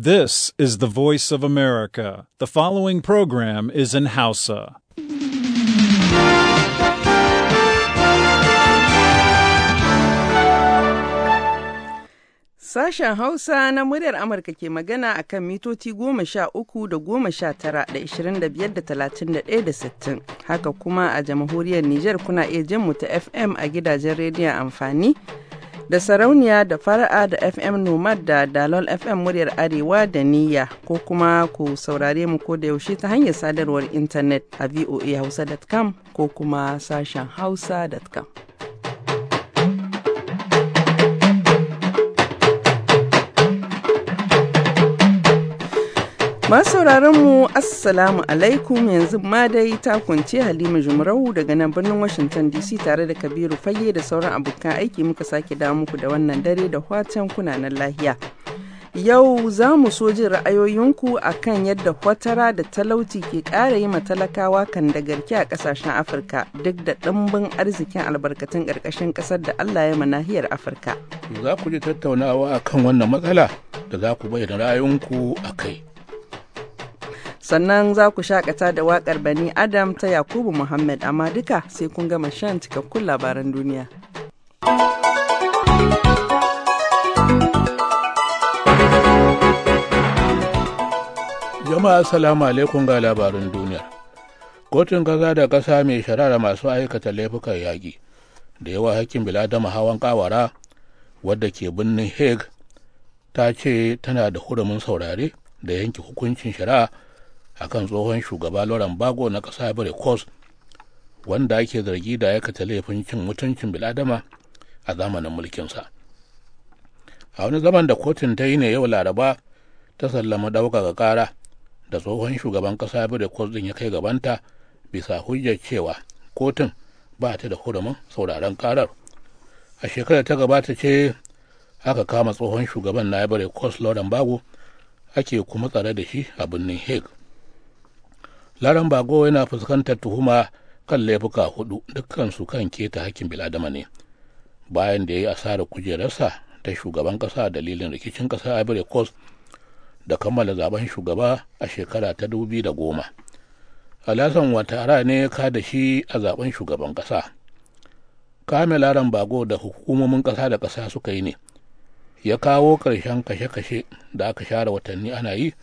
This is the voice of America. The following program is in Hausa. Sashen Hausa na muryar Amurka ke magana a kan mitoci goma sha uku da goma sha tara da ishirin da biyar da talatin da ɗaya da sittin. Haka kuma a jamhuriyar Nijar kuna iya jin mu ta FM a gidajen rediyon amfani. da sarauniya da fara'a da fm nomad da dalol fm muryar arewa da niyya ko kuma ku saurare mu ko da yaushe ta hanyar sadarwar intanet a voa hausa.com ko kuma sashen hausa.com sauraron mu assalamu alaikum yanzu ma dai ta kunce halima jumarau daga nan birnin washington dc tare da kabiru fage da sauran abokan aiki muka sake da muku da wannan dare da watan kunanan lahiya yau za mu so jin ra'ayoyinku a kan yadda kwatara da talauci ke ƙara yi matalakawa kan da garke a ƙasashen afirka duk da ɗimbin arzikin albarkatun ƙarƙashin ƙasar da allah ya nahiyar afirka za ku ji tattaunawa a kan wannan matsala da za ku bayyana ra'ayoyinku a kai sannan za ku shakata da waƙar bani adam ta yakubu muhammad amma duka sai kun gama shan cikakkun labaran duniya jama'a Salamu alaikum ga labarin duniya kotun kaza da kasa mai shari'ar masu aikata laifukan yaƙi da yawa hakkin biladama hawan kawara wadda ke birnin hague ta ce tana da hurumin saurare da yanke hukuncin shari'a akan tsohon shugaba lauren bago na ƙasa ivory kos wanda ake zargi da aikata laifin cin mutuncin biladama a zamanin mulkinsa a wani zaman da kotun ta yi ne yau laraba ta sallama ɗaukaka ƙara da tsohon shugaban ƙasa ivory kos ɗin ya kai gabanta bisa hujjar cewa kotun ba ta da hurumin sauraron ƙarar a shekarar ta gabata ce aka kama tsohon shugaban na ivory kos lauren bago ake kuma tsare da shi a birnin hague laran bago yana fuskantar tuhuma kan laifuka hudu dukkansu kan keta hakkin biladama ne bayan da ya yi asarar kujerarsa ta shugaban kasa dalilin rikicin kasa ivory coast da kammala zaben shugaba a shekara ta da goma alasan watara ne ka da shi a zaben shugaban ƙasa. kame laran bago da hukumomin ƙasa da ƙasa suka yi ne ya kawo ƙarshen kashe-kashe da aka share watanni ana yi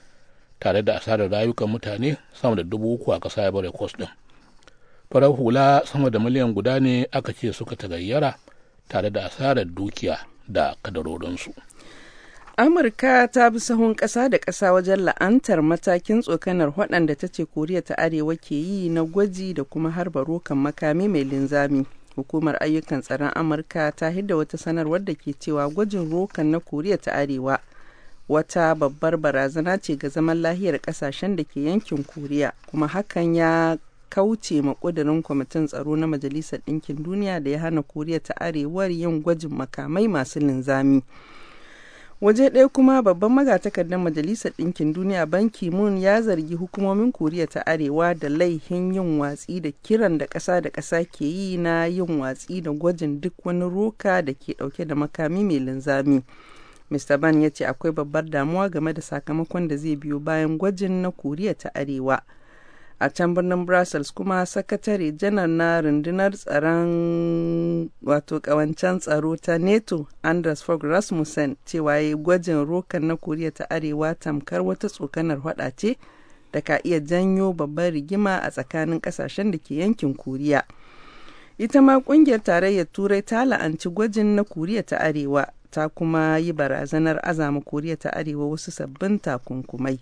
tare da asarar rayukan mutane sama da dubu uku a ƙasa ivory coast din farar hula sama da miliyan guda ne aka ce suka tagayyara tare da asarar dukiya da kadarorinsu amurka ta bi sahun ƙasa da ƙasa wajen la'antar matakin tsokanar waɗanda ta ce koriya ta arewa ke yi na gwaji da kuma harba rokan makami mai linzami hukumar ayyukan tsaron amurka ta hidda wata sanarwar da ke cewa gwajin rokan na koriya ta arewa wata babbar barazana ce ga zaman lahiyar kasashen da ke yankin koriya kuma hakan ya kauce ma kudirin kwamitin tsaro na majalisar ɗinkin duniya da ya hana koriya ta arewar yin gwajin makamai masu linzami waje ɗaya kuma babban magatakardar majalisar ɗinkin duniya banki moon ya zargi hukumomin koriya ta arewa da laihin yin watsi da kiran da ƙasa da ƙasa ke yi na yin watsi da gwajin duk wani roka da ke ɗauke da makami mai linzami. Mr. Ban ya ce akwai babbar damuwa game da sakamakon da zai biyo bayan gwajin na Koriya ta Arewa. A can birnin Brussels kuma sakatare janar na rundunar tsaron wato kawancen tsaro ta NATO Anders Fogh Rasmussen cewa ya gwajin rokan na Koriya ta Arewa tamkar wata tsokanar hwada ce da ka iya janyo babbar rigima a tsakanin kasashen da ke yankin Koriya. ita ma kungiyar tarayyar turai ta la'anci gwajin na koriya ta arewa ta kuma yi barazanar azama koriya ta arewa wasu sabbin takunkumai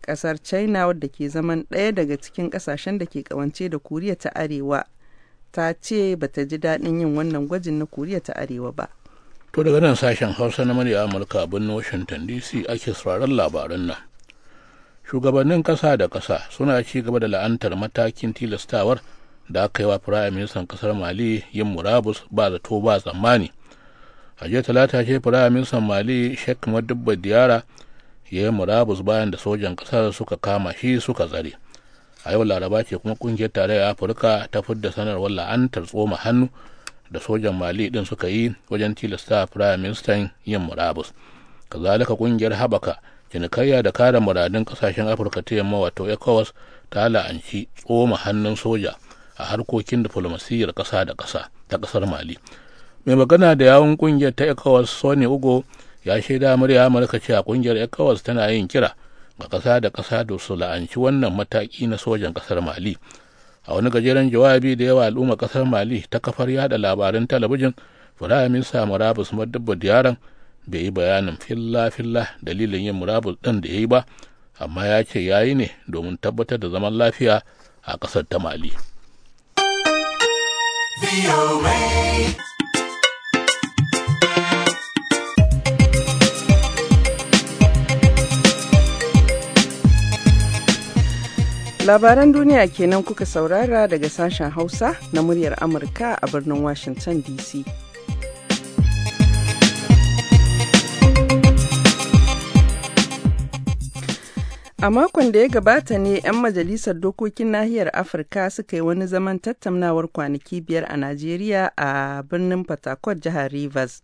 kasar china wadda ke zaman ɗaya daga cikin ƙasashen da ke kawance da koriya ta arewa ta ce ba ta ji daɗin yin wannan gwajin na koriya ta arewa ba to daga nan sashen hausa na murya amurka na washington dc ake sauraron labaran nan shugabannin ƙasa da ƙasa suna ci gaba da la'antar matakin tilastawar da aka yi wa firayim ministan ƙasar mali yin murabus ba zato ba tsammani a jiya talata ce firaministan mali sheikh madubba diyara ya yi murabus bayan da sojan ƙasar suka kama shi suka tsare a yau laraba ce kuma kungiyar tarayyar afirka ta fidda sanarwar la'antar tsoma hannu da sojan mali din suka yi wajen tilasta a firaministan yin murabus kazalika kungiyar habaka cinikayya da kare muradun kasashen afirka ta yamma wato ecowas ta la'anci tsoma hannun soja a harkokin diflomasiyyar ƙasa da ƙasa ta ƙasar mali mai magana da yawon kungiyar ta ecowas sony ugo ya shaida murya amurka a kungiyar ecowas tana yin kira ga ƙasa da ƙasa da su la'anci wannan mataki na sojan ƙasar mali a wani gajeren jawabi da yawa al'ummar ƙasar mali ta kafar yada labaran talabijin sa murabus madabba diyaran bai yi bayanin filla-filla dalilin yin murabus ɗin da ya yi ba amma ya ce ya yi ne domin tabbatar da zaman lafiya a ƙasar ta mali. Labaran duniya kenan kuka saurara daga sashen Hausa na muryar Amurka a birnin Washington DC. A makon da ya gabata ne 'yan majalisar dokokin nahiyar Afirka suka yi wani zaman tattaunawar kwanaki biyar a Najeriya a birnin Port jihar Rivers.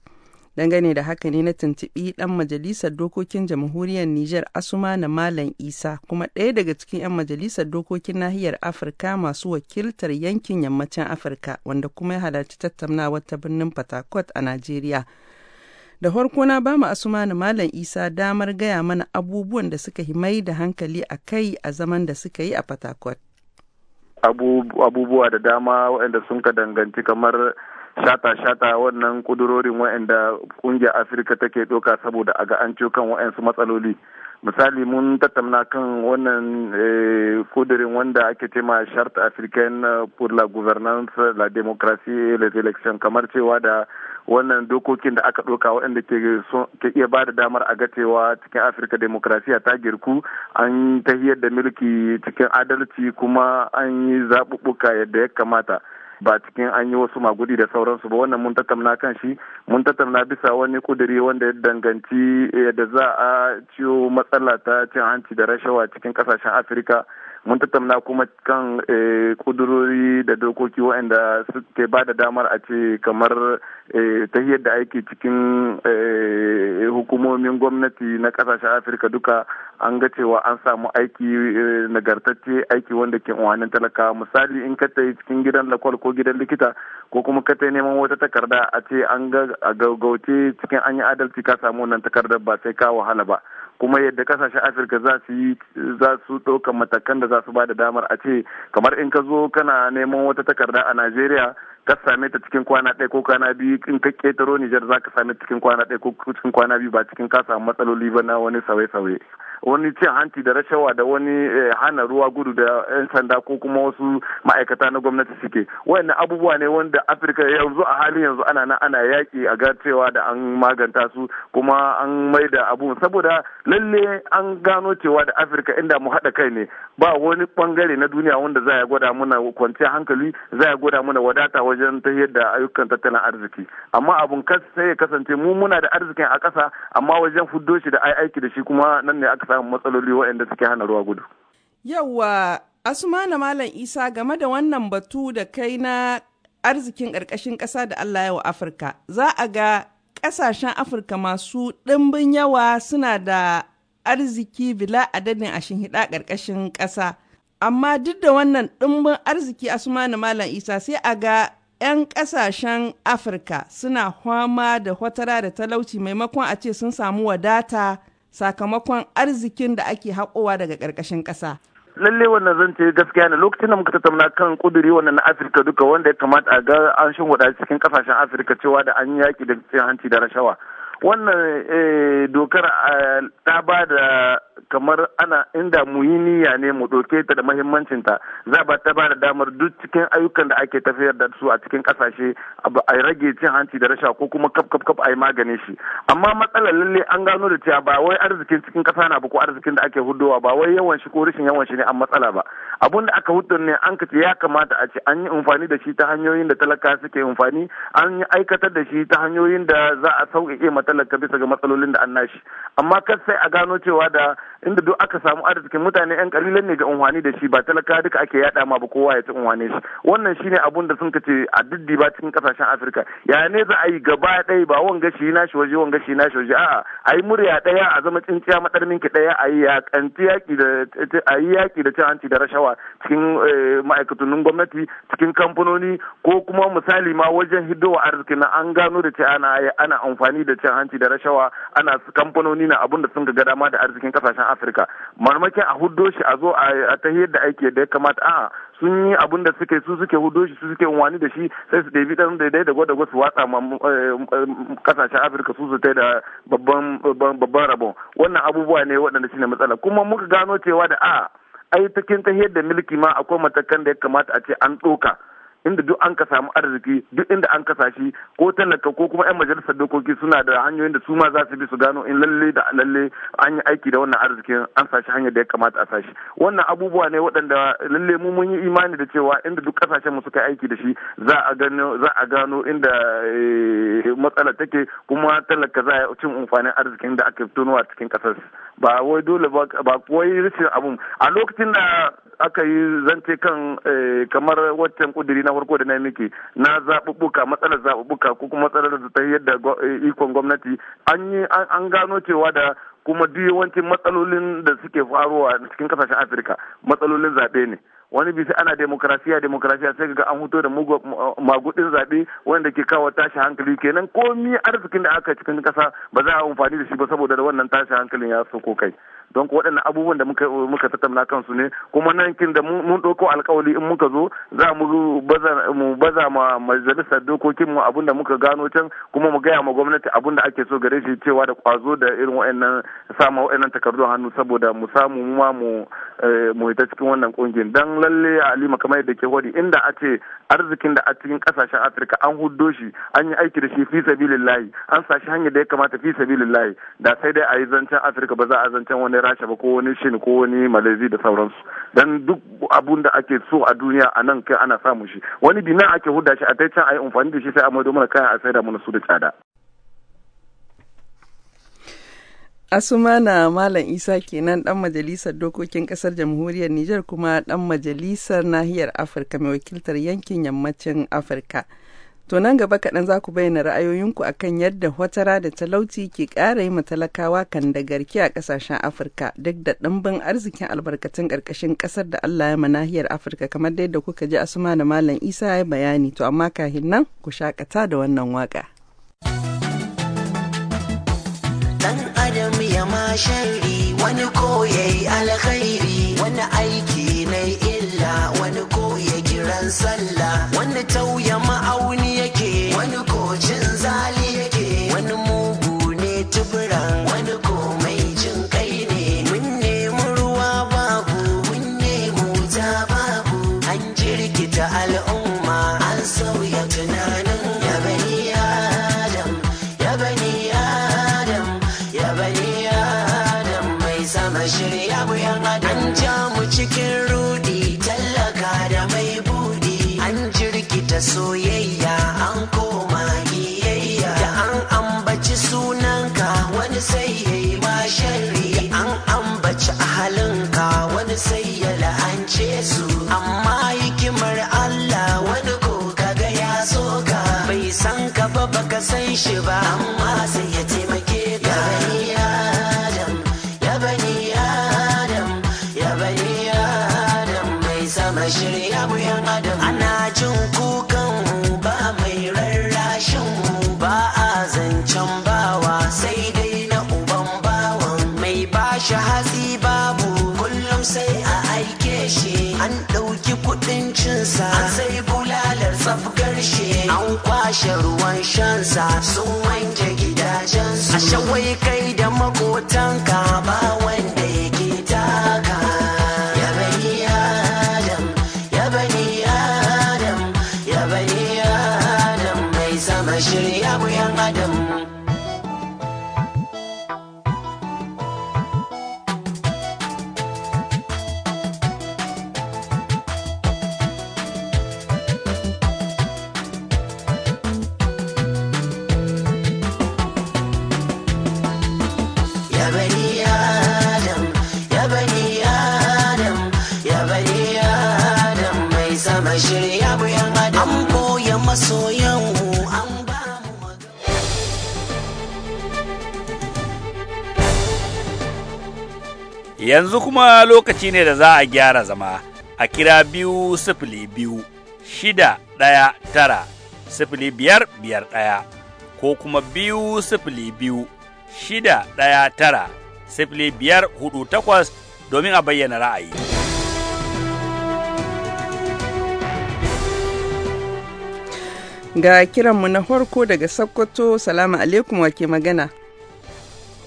dangane da haka ne na tuntuɓi ɗan majalisar dokokin jamhuriyar Nijar Asuma na Malam Isa kuma ɗaya daga cikin 'yan majalisar dokokin nahiyar Afirka masu wakiltar yankin yammacin Afirka wanda kuma ya halarci tattaunawar ta birnin Fatakot a Najeriya. Da farko na ba mu Asuma na Malam Isa damar gaya mana abubuwan da suka himai da hankali a kai a zaman da suka yi a Fatakot. Abubuwa da dama waɗanda sun ka danganci kamar shata-shata wannan kudurorin waɗanda ƙungiyar afirka take ɗauka saboda a ga an kan waɗansu matsaloli misali mun tattauna kan wannan eh, kudurin wanda ake cema charte africaine pour la gouvernance la démocratie et les élections kamar cewa da wannan dokokin da aka ɗauka waɗanda ke iya ba da damar a ga cewa cikin afirka demokrasiya ta girku an tahiyar da mulki cikin adalci kuma an yi zaɓuɓɓuka yadda ya kamata ba cikin an yi wasu magudi da sauransu ba wannan mun tattauna kan shi mun tattauna bisa wani kuduri wanda ya danganci yadda eh, za a ciyo matsala ta cin hanci da rashawa cikin kasashen afirka mun tattauna kuma kan eh, kudurori da dokoki waɗanda suke ba da damar a ce kamar eh, ta yadda aiki cikin eh, hukumomin gwamnati na ƙasashen afirka duka an ga cewa an samu aiki nagartacce aiki wanda ke umarnin talaka misali in ka cikin gidan lakwal ko gidan likita ko kuma ka neman wata takarda a ce an ga gaugauce cikin an yi adalci ka samu wannan takardar ba sai ka wahala ba kuma yadda kasashen afirka za su yi za su matakan da za su ba da damar a ce kamar in ka zo kana neman wata takarda a najeriya ka same ta cikin kwana ɗaya ko kwana biyu in ka ƙetaro nijar za ka same cikin kwana ɗaya ko cikin kwana biyu ba cikin ka samu matsaloli ba na wani sauye-sauye wani cin hanci da rashawa da wani eh, hana ruwa gudu da 'yan sanda ko kuma wasu ma'aikata na gwamnati suke wani abubuwa ne wanda afirka yanzu a halin yanzu ana nan ana yaki a ga cewa da an maganta su kuma an mai da abu saboda lalle an gano cewa da afirka inda mu hada kai ne ba wani bangare na duniya wanda za ya gwada muna kwanciyar hankali za ya gwada muna wadata wajen ta yadda ayyukan tattalin arziki amma abun kas sai ya kasance mu muna da arzikin a ƙasa amma wajen fuddo shi da ai aiki da shi kuma nan ne aka samun matsaloli waɗanda suke hana ruwa gudu. Yawwa na Malam Isa game da wannan batu da kai na arzikin ƙarƙashin ƙasa da Allah yawa Afirka za a ga ƙasashen Afirka masu ɗimbin yawa suna da arziki bila adadin a hida ƙarƙashin ƙasa. Amma duk da wannan ɗimbin arziki Asmana Malam Isa sai a ga 'yan ƙasashen Afirka suna fama da hotara da talauci maimakon a ce sun samu wadata. sakamakon arzikin da ake haƙowa daga ƙarƙashin ƙasa. lalle wannan zan ce gaskiya ne lokacin da muka tattauna kan kuduri wannan na afirka duka wanda ya kamata a ga an shin cikin kasashen afirka cewa da an yaƙi da cin hanci da rashawa wannan eh, dokar eh, ta ba da kamar ana inda yi niyya ne mu ɗauke ta da mahimmancinta za ba ta ba da damar duk cikin ayyukan da ake tafiyar da su a cikin ƙasashe a rage cin hanci da rasha ko kuma kaf kaf kaf a yi magani shi amma matsalar lalle an gano da cewa ba wai arzikin cikin ƙasa na ba ko arzikin da ake hudowa ba wai yawan shi ko rashin yawan shi ne an matsala ba abun da aka hudu ne an kace ya kamata a ce an yi amfani da shi ta hanyoyin da talaka suke amfani an yi aikatar da shi ta hanyoyin da za a sauƙaƙe mata talaka bisa ga matsalolin da an nashi amma kar sai a gano cewa da inda duk aka samu arzikin mutane yan kalilan ne ga unhwani da shi ba talaka duka ake yada ma ba kowa ya ci unhwani shi wannan shine abun da sun kace a diddi ba cikin kasashen Afirka ya ne za a yi gaba ɗaya ba wanga shi na shi waje wanga shi na shi waje a'a a yi murya ɗaya a zama tsinciya madar ki ɗaya a yi yakanti yaki da a yi yaki da cin hanci da rashawa cikin eh, ma'aikatan gwamnati cikin kamfanoni ko kuma misali ma wajen hidowa arzikin an gano da ce ana ana amfani da cin hanci da rashawa ana kamfanoni na abun da sun ga dama da arzikin kasashen afirka marmakin a huddo shi a zo a ta da aiki da ya kamata a sun yi abin da suke su suke huddo shi su suke wani da shi sai su ɗebi ɗan daidai da gwada su watsa ma kasashen eh, eh, afirka su su da babban rabon wannan abubuwa ne waɗanda shine matsala kuma muka gano cewa da a ai takin ta da milki ma akwai matakan da ya kamata a ce an ɗoka inda duk an ka samu arziki duk inda an kasa shi ko talaka ko kuma 'yan majalisar dokoki suna da hanyoyin da su ma za su bi su gano in lalle da lalle an yi aiki da wannan arzikin an sashi hanyar da ya kamata a sashi wannan abubuwa ne waɗanda lalle mu mun yi imani da cewa inda duk kasashen mu suka aiki da shi za a gano za a gano inda eh, matsala take kuma talaka za a cin amfanin arzikin da aka fitowa cikin kasar ba wai dole ba wai rashin abun a lokacin da aka yi zance kan eh, kamar waccan kudiri na farko da na miki na zaɓuɓɓuka matsalar zaɓuɓɓuka ko kuma matsalar ta yadda eh, ikon gwamnati an yi an gano cewa da kuma duk yawancin matsalolin da suke faruwa cikin kasashen afirka matsalolin zaɓe ne wani bisa ana demokrasiya demokrasiya sai ga an hoto da magudin zaɓe wanda ke kawo tashi hankali kenan komi arzikin da aka cikin kasa ba za a amfani da shi ba saboda da wannan tashi hankalin ya sauko kai don waɗannan abubuwan da muka tattauna su ne kuma nan kin da mun ɗauko alkawali in muka zo za mu baza ma majalisar dokokin mu abin da muka gano can kuma mu gaya ma gwamnati abin da ake so gare shi cewa da kwazo da irin waɗannan sama waɗannan takardun hannu saboda mu samu mu ma mu eh, mu hita cikin wannan kungiyar dan lalle alima kamar yadda ke wadi inda a ce arzikin da a cikin kasashen Afirka an huddo shi an yi aiki da shi fi sabilillahi an sashi hanyar da ya kamata fi sabilillahi da sai dai a yi zancen Afirka ba za a zancen wani rasha ba ko wani shin ko wani malazi da sauransu dan duk abun da ake so a duniya a nan kai ana samu shi wani bina ake huda shi a ta can ayi amfani da shi sai a domin kayan a saida mana su da tsada. Asumana Malam Isa kenan dan majalisar dokokin kasar jamhuriyar Nijar kuma dan majalisar nahiyar Afirka mai wakiltar yankin yammacin Afirka. To nan gaba kaɗan za ku bayyana ra'ayoyinku a kan yadda watara da talauci ke ƙara yi talakawa kan da garki a ƙasashen Afirka duk da ɗimbin arzikin albarkatun ƙarƙashin ƙasar da Allah ya manahiyar Afirka kamar dai da kuka ji asuma da Malam Isa ya bayani to amma kahin nan ku shakata da wannan waƙa. Dan Adam ya ma wani koyayi alkhairi wani aiki na illa wani koya kiran sallah wani tauya ma'auri ɗauki kuɗin cinsa an sai bulalar tsafkar shi an kwashe ruwan shansa sun wanke gidajensu a shawai kai da makotanka bawa yanzu kuma lokaci ne da za a gyara zama a kira biyu sifili biyu shida ɗaya tara sifili biyar biyar ɗaya ko kuma biyu sifili biyu shida ɗaya tara sifili biyar hudu takwas domin a bayyana ra'ayi. Ga kiranmu na farko daga Sokoto, salamu alaikum wake magana.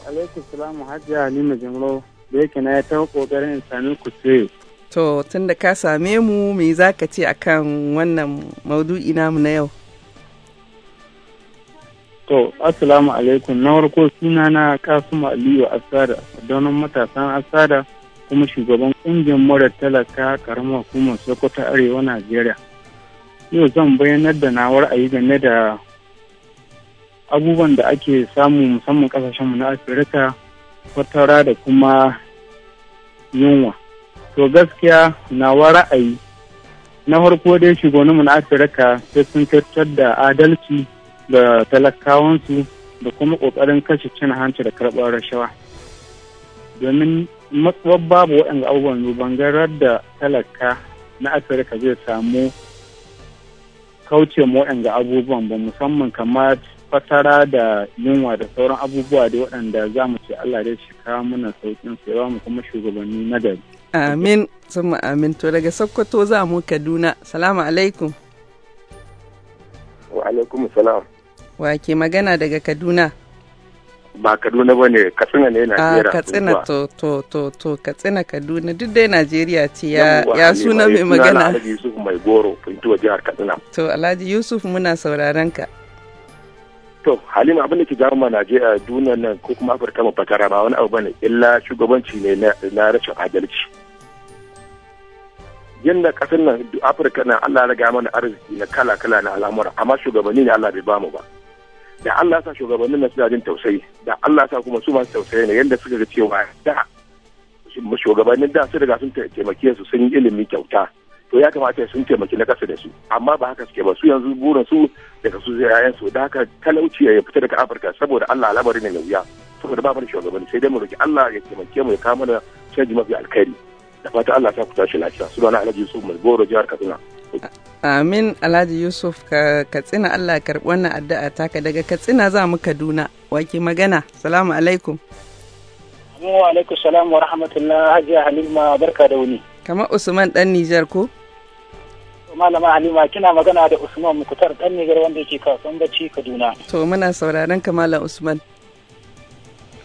Alaikum salamu hajiya Halima Jamro. da yake na ya taho kokarin sami ku To tun da ka same mu me za ka ce a kan wannan maudu'i namu na yau? To, Assalamu alaikum, na farko suna na kasuma Aliyu Asada, donon matasan Asada kuma shugaban kungiyar mura talaka karamar hukumar Sokoto Arewa Najeriya. Yau zan bayyanar da nawar ayi game da abubuwan da ake samu musamman kasashenmu na Afirka fatara da kuma yunwa to gaskiya nawa ra'ayi na farko dai shugabanninmu na afirka sai sun kyautar da adalci ga talakawansu da kuma ƙoƙarin kashe cin hanci da karɓar rashawa domin matsuwar babu waɗanda abubuwan garar da talaka na afirka zai samu kauce mu waɗanda abubuwan ba musamman kamar fatara da yunwa da sauran abubuwa da waɗanda za mu ce Allah da shi kawo muna sauƙin su mu kuma shugabanni na gari. Amin, sun amin. To daga Sokoto za mu Kaduna. Salamu alaikum. Wa alaikum salam. Wa ke magana daga Kaduna? Ba Kaduna ba ne, Katsina ne ah, Najeriya. Ah, Katsina to, to, to, to, Katsina Kaduna, duk dai Najeriya ce ya, ya suna mai eh, magana. Alhaji Yusuf Mai Goro, Funtuwa Jihar Katsina. To, Alhaji Yusuf muna sauraron ka. To Halima abin da ke jawo ma Najeriya duniyar nan ko kuma Afirka mu fatara ba wani abu bane illa shugabanci ne na rashin adalci. Yanda kasar nan Afirka nan Allah gama mana arziki na kala kala na al'amura amma shugabanni ne Allah bai bamu ba. Da Allah sa shugabannin nan suna jin tausayi da Allah sa kuma su masu tausayi ne yadda suka ga cewa da shugabannin da su riga sun taimake su sun yi ilimi kyauta to ya kamata sun taimaki na kasa da su amma ba haka suke ba su yanzu burin su daga su yayan su da haka talauci ya fita daga afirka saboda allah al'amari ne mai wuya saboda ba mu shugabanni sai dai mu roki allah ya taimake mu ya kama da canji mafi alkhairi da fata allah ta ku shi lafiya na alhaji yusuf mai goro jihar katsina Amin Alhaji Yusuf ka Katsina Allah karɓi wannan addu'a taka daga Katsina za mu Kaduna wake magana. Salamu alaikum. Wa alaikum salam wa rahmatullah Hajiya Halima barka da wuni. Kamar Usman ɗan Nijar ko? Malama Halima kina magana da Usman Mukutar dan Niger wanda yake kasuwan bacci Kaduna. To muna sauraron ka Malam Usman.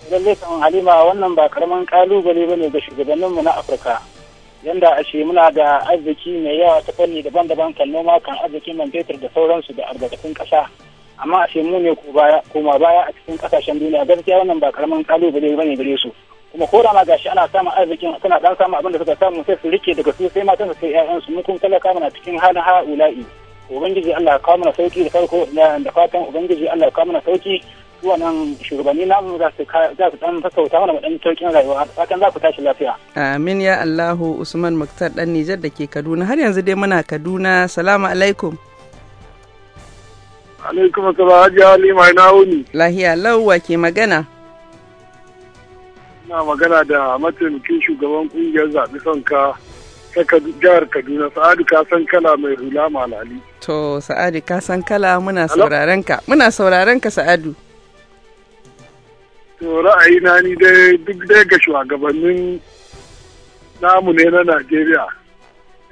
Lalle kan Halima wannan ba karaman kalubale bane ga shugabannin mu na Afirka. Yanda ashe muna da arziki mai yawa ta fanni daban-daban kan noma kan arziki man fetur da sauransu da albarkatun ƙasa. Amma ashe mu ne koma baya a cikin ƙasashen duniya gaskiya wannan ba karaman kalubale bane gare su. kuma ko da ma gashi ana samun arzikin suna dan samun abin da suka samu sai su rike daga su sai matan su sai ƴaƴan su mun kun talaka mana cikin halin ula'i ubangiji Allah kawo mana sauki da farko da fatan ubangiji Allah kawo mana sauki su wannan shugabanni namu za su za su dan sassauta mana dan sauƙin rayuwa fatan za ku tashi lafiya amin ya Allahu Usman Muktar dan Nijar dake ke Kaduna har yanzu dai muna Kaduna salamu alaikum alaikum assalam hajji halima ina wuni lahiya lauwa ke magana na magana da mataimakin shugaban kungiyar zaɓi ka saka jihar Kaduna Sa'adu ka san kala mai hula malali. To Sa'adu ka san kala muna sauraron ka. Muna sauraron ka Sa'adu. To ra'ayina ni dai duk dai ga shugabannin namu ne na Najeriya.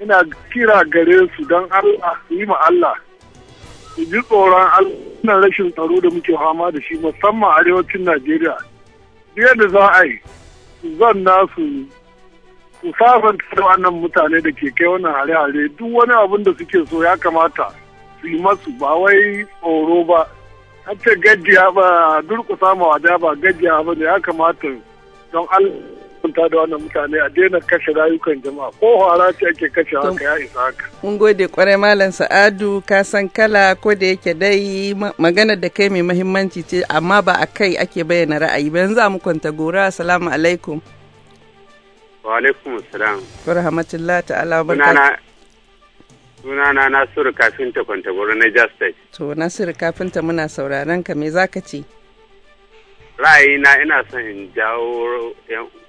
Ina kira gare su don Allah su yi ma Allah. Su ji tsoron Allah rashin tsaro da muke fama da shi musamman arewacin Najeriya. yadda za a yi zan nasu su sabanta da wannan mutane da ke kai wannan hare-hare duk wani abin da suke so ya kamata su yi masu ba wai tsoro ba hatta gajiya ba durkusa ma wada ba gajiya ba da ya kamata don Allah hukunta da wannan mutane a daina kashe rayukan jama'a ko hara ce ake kashe haka ya isa haka. Mun gode kwarai malam Sa'adu ka san kala ko da yake dai maganar da kai mai mahimmanci ce amma ba a kai ake bayyana ra'ayi ba yanzu a mu kwanta gora assalamu alaikum. Wa alaikum assalam. Wa rahmatullah ta'ala barka. Sunana Nasiru Kafinta kwanta gora na Jastai. To Nasiru Kafinta muna sauraron ka me zaka ce? Ra'ayi na ina son in jawo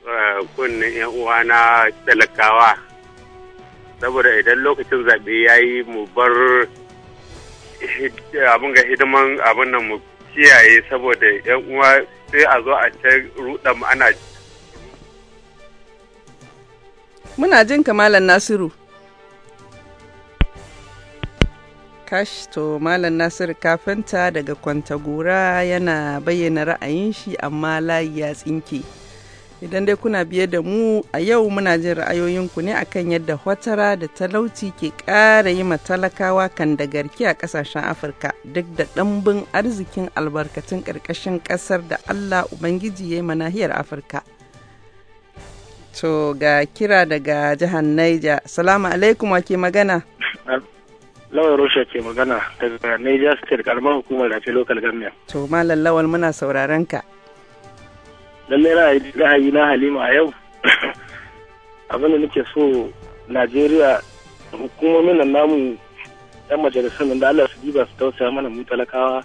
Eh, kunnen yan uwa na talakawa saboda idan lokacin zaɓe ya yi mu bar abin ga hidiman abin nan mu kiyaye saboda yan uwa sai a zo a ta ruɗa mu ana muna jin kamalan nasiru kash to malam nasir kafinta daga kwantagora yana bayyana ra'ayin shi amma layi ya tsinke Idan dai kuna biye da mu a yau muna jin ra'ayoyinku ne akan yadda watara da talauci ke ƙara yi ma talakawa kan da garki a ƙasashen Afirka duk da ɗanbin arzikin albarkatun ƙarƙashin ƙasar da Allah Ubangiji ya yi manahiyar Afirka. To ga kira daga jihar Niger Salamu alaikum wa ke magana. Lawal Rusha ke magana daga Niger State karamar hukumar da ce local government. To Malam Lawal muna sauraron ka. lallai ra'ayi na halima a yau abin da nake so najeriya hukumomin nan namu yan majalisar nan da allah su diba su tausaya mana mu talakawa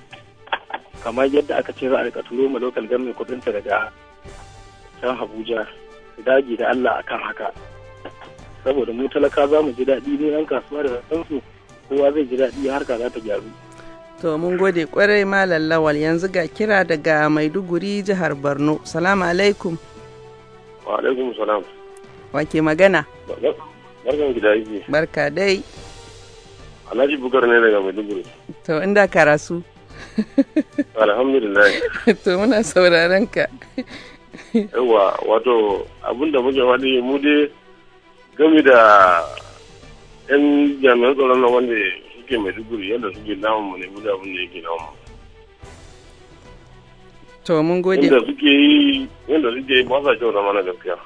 kamar yadda aka ce za a rika turo ma lokal gamin kudin ta daga can habuja su dage da allah akan haka saboda mu talaka za mu ji daɗi ne yan kasuwa da su kowa zai ji daɗi harka za ta gyaru To mun gode kwarai Malam Lawal yanzu ga kira daga Maiduguri jihar Borno. Salamu alaikum. Wa alaikum salam. Wake magana? Barkan ki da Barka dai. Alhaji Bukar ne daga Maiduguri. To inda karasu. Alhamdulillah. to muna sauraron ka. Yawwa wato abinda muke faɗi mu dai game da 'yan jami'an tsaron wanda suke maiduguri yadda suke abin da yake to mun gode suke yi suke yi ba sa kyau da mana gaskiya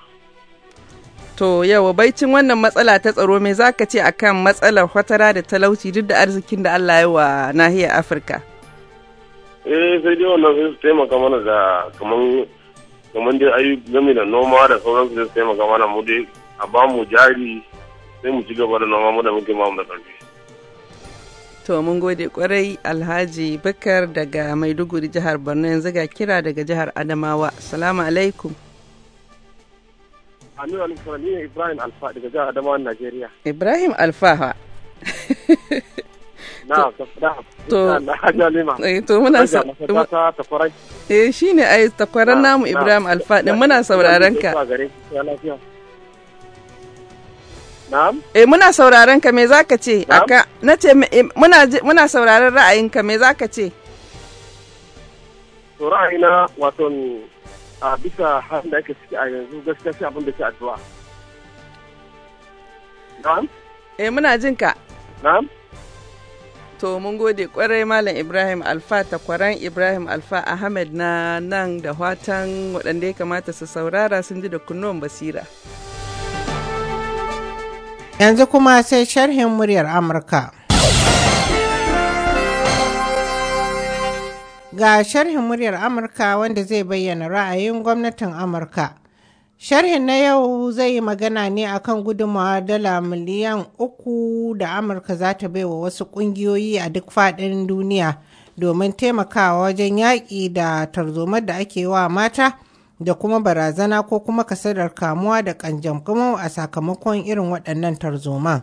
to yawa baicin wannan matsala ta tsaro me zaka ce akan matsalar fatara da talauci duk da arzikin da Allah ya wa nahiyar Afirka eh sai dai wannan sai su taimaka mana da kaman kaman dai game da noma da sauransu sai su taimaka mana mu dai a bamu jari sai mu ci gaba da noma mu da muke mamu da ƙarfi To mun gode kwarai Alhaji Bakar daga Maiduguri jihar Borno yanzu ga kira daga jihar Adamawa. Salamu alaikum. Ibrahim Alfa daga jihar Adamawa Najeriya. Ibrahim ha. Eh, to muna eh shine ai takwaran namu Ibrahim Alfa din muna sauraron ka. Na'am. Eh muna sauraron ka me zaka ce? Aka na ce eh, muna muna sauraron ra'ayin ka me zaka ce? To ra'ayina wato a bisa har da ake ciki a yanzu gaskiya sai abin da ke addu'a. Na'am. Eh muna jin ka. Na'am. To mun gode kwarai Malam Ibrahim Alfa takwaran Ibrahim Alfa Ahmed na nan da watan waɗanda ya kamata su saurara sun ji da kunnuwan basira. Yanzu kuma sai sharhin muryar Amurka. Ga sharhin muryar Amurka wanda zai bayyana ra'ayin gwamnatin Amurka. Sharhin na yau zai yi magana ne akan gudunmawa dala miliyan uku da Amurka za ta baiwa wasu ƙungiyoyi a duk faɗin duniya domin taimakawa wajen yaƙi da tarzomar da ake wa mata. da kuma barazana ko kuma kasadar kamuwa da ƙanjamgamau a sakamakon irin waɗannan tarzoman.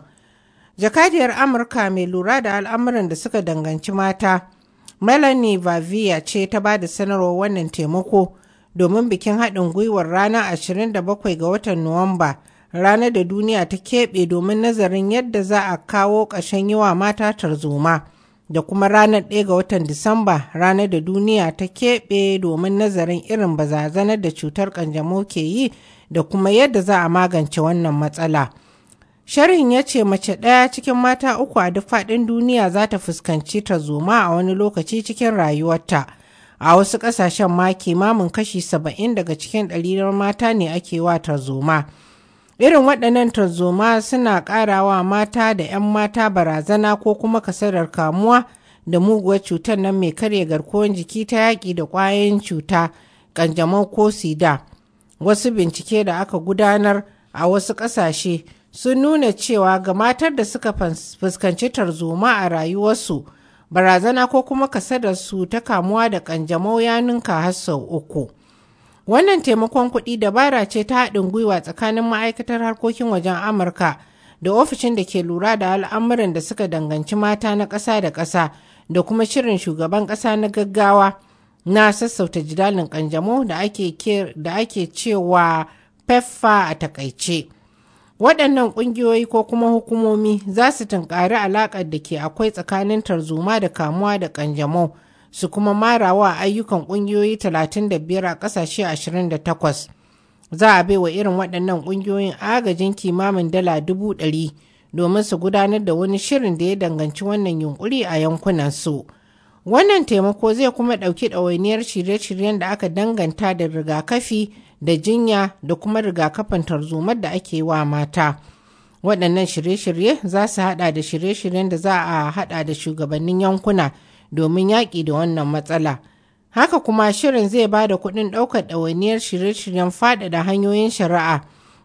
Jakadiyar Amurka mai lura da al'amuran da suka danganci mata, Melanie Vavia ce ta ba da sanarwar wannan taimako domin bikin haɗin gwiwar ranar 27 ga watan Nuwamba, ranar da duniya ta keɓe domin nazarin yadda za a kawo ƙashen yi wa mata tarzoma. da kuma ranar 1 ga watan Disamba ranar da duniya ta keɓe domin nazarin irin bazazanar da cutar ƙanjamau ke yi da kuma yadda za a magance wannan matsala. Sharhin ya ce mace ɗaya cikin mata uku a duk faɗin duniya za ta fuskanci tarzoma a wani lokaci cikin rayuwarta. A wasu ƙasashen ma kimamin kashi saba'in daga cikin ɗari mata ne ake wa tarzoma. zoma. Irin waɗannan tarzoma suna ƙarawa mata da 'yan mata barazana ko kuma kasarar kamuwa da muguwar cutar nan mai karya garkuwar jiki ta yaƙi da ƙwayoyin cuta, ƙanjamau ko sida. Wasu bincike da aka gudanar a wasu ƙasashe sun nuna cewa ga matar da suka fuskanci tarzoma a rayuwarsu barazana ko kuma su ta kamuwa da ƙanjamau ya ninka har sau uku. Wannan taimakon kuɗi dabara ce ta haɗin gwiwa tsakanin ma'aikatar harkokin wajen Amurka da ofishin da ke lura da al'amuran da suka danganci mata na ƙasa da ƙasa da kuma shirin shugaban ƙasa na gaggawa na sassauta jidalin ƙanjamo da ake cewa peffa a takaice. Waɗannan ƙungiyoyi ko kuma hukumomi za su tunƙari alaƙar da ke akwai tsakanin tarzoma da kamuwa da ƙanjamau. su kuma marawa ayyukan ƙungiyoyi 35 a ƙasashe 28 za a baiwa irin waɗannan ƙungiyoyin agajin kimamin dala dubu ɗari domin su gudanar da wani shirin da ya danganci wannan yunkuri a yankunan su wannan taimako zai kuma ɗauki ɗawainiyar shirye-shiryen da aka danganta da rigakafi da jinya da kuma rigakafin tarzomar da ake wa mata waɗannan shirye-shirye za su haɗa da shirye-shiryen da za a haɗa da shugabannin yankuna domin yaƙi da wannan matsala. Haka kuma shirin zai ba da kuɗin ɗaukar ɗawainiyar shirye-shiryen faɗaɗa hanyoyin shari'a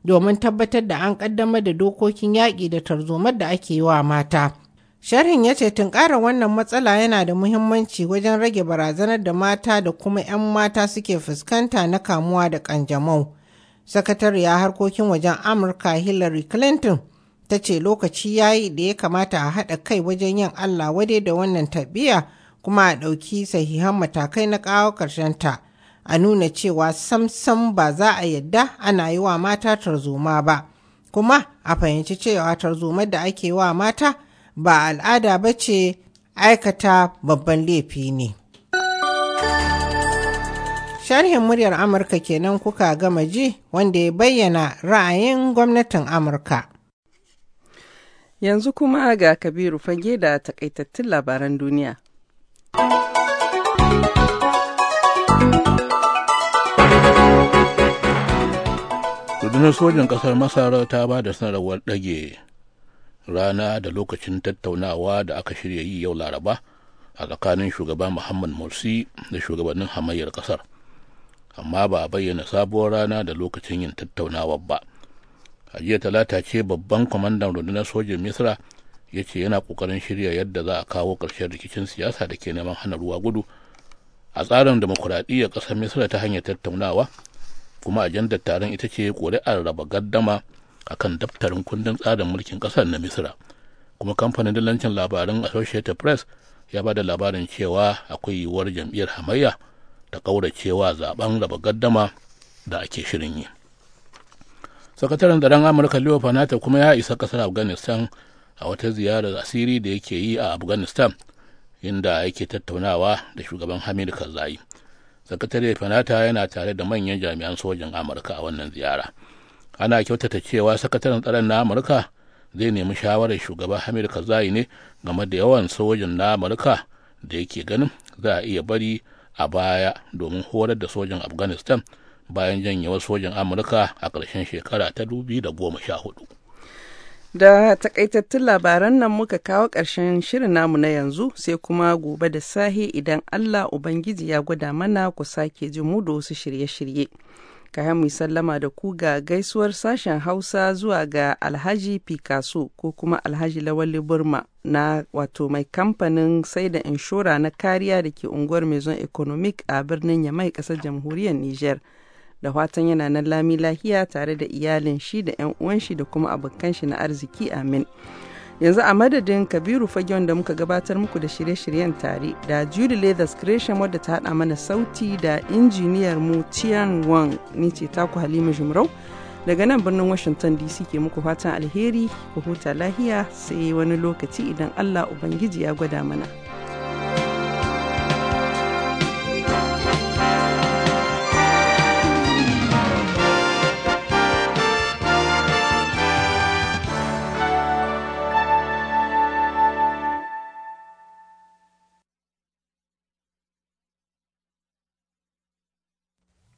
domin tabbatar da an ƙaddamar da dokokin yaƙi da tarzomar da ake yi wa mata. Sharhin ya ce tunƙara wannan matsala yana da muhimmanci wajen rage barazanar da mata da kuma 'yan mata suke fuskanta na kamuwa da ƙanjamau. Sakatariya harkokin wajen Amurka Hillary Clinton ta ce lokaci ya yi da ya kamata a haɗa kai wajen yin Allah wadai da wannan tabiya kuma a ɗauki sahihan matakai na ƙawo ta, a nuna cewa samsam ba za a yadda ana yi wa mata tarzoma ba kuma a fahimci cewa tarzoma da ake wa mata ba al'ada ba ce aikata babban laifi ne. Sharhin muryar Amurka kenan kuka gama ji wanda ya bayyana ra'ayin gwamnatin Amurka. Yanzu kuma ga Kabiru fage da takaitattun labaran duniya. rundunar sojin ƙasar masar ta ba da sanarwar ɗage rana da lokacin tattaunawa da aka shirya yi yau laraba a tsakanin shugaba muhammad morsi da shugabannin hamayyar ƙasar amma ba a bayyana sabuwar rana da lokacin yin tattaunawa ba a jiya talata ce babban kwamandan rundunar sojin misra ya ce yana kokarin shirya yadda za a kawo ƙarshen rikicin siyasa da ke neman hana ruwa gudu a tsarin demokuraɗiyyar ƙasar misra ta hanyar tattaunawa kuma ajandar taron ita ce ƙuri'ar raba gaddama akan daftarin kundin tsarin mulkin ƙasar na misra kuma kamfanin dillancin labarin associated press ya ba da labarin cewa akwai yiwuwar jam'iyyar hamayya ta ƙauracewa zaben raba gaddama da ake shirin yi sakataren tsaron amurka leo fanata kuma ya isa kasar afghanistan a wata ziyarar asiri da yake yi a afghanistan inda yake tattaunawa da shugaban hamid karzai sakatare fanata yana tare da manyan jami'an sojin amurka a wannan ziyara ana kyautata cewa sakataren tsaron na amurka zai nemi shawarar shugaban hamid karzai ne game da yawan sojin na amurka da yake ganin za a iya bari a baya domin horar da sojin afghanistan bayan janyewar sojin amurka a ƙarshen shekara ta 2014 da goma sha hudu. da takaitattun labaran nan muka kawo ƙarshen shirin namu na yanzu sai kuma gobe da sahi idan allah ubangiji ya gwada mana ku sake ji mu da wasu shirye-shirye ka mu sallama da ku ga gaisuwar sashen hausa zuwa ga alhaji picasso ko kuma alhaji lawali burma na wato mai kamfanin sai da inshora na kariya da ke unguwar maison economic a birnin yamai ƙasar jamhuriyar niger da fatan yana nan lami lahiya tare da iyalin shi da 'yan uwan shi da kuma abokan shi na arziki amin yanzu a madadin kabiru fagen da muka gabatar muku da shirye-shiryen tare da judy leathers creation wadda ta hada mana sauti da injiniyar mu tian wang ni ce taku halima jumrau daga nan birnin washington dc ke muku fatan alheri ku huta lahiya sai wani lokaci idan allah ubangiji ya gwada mana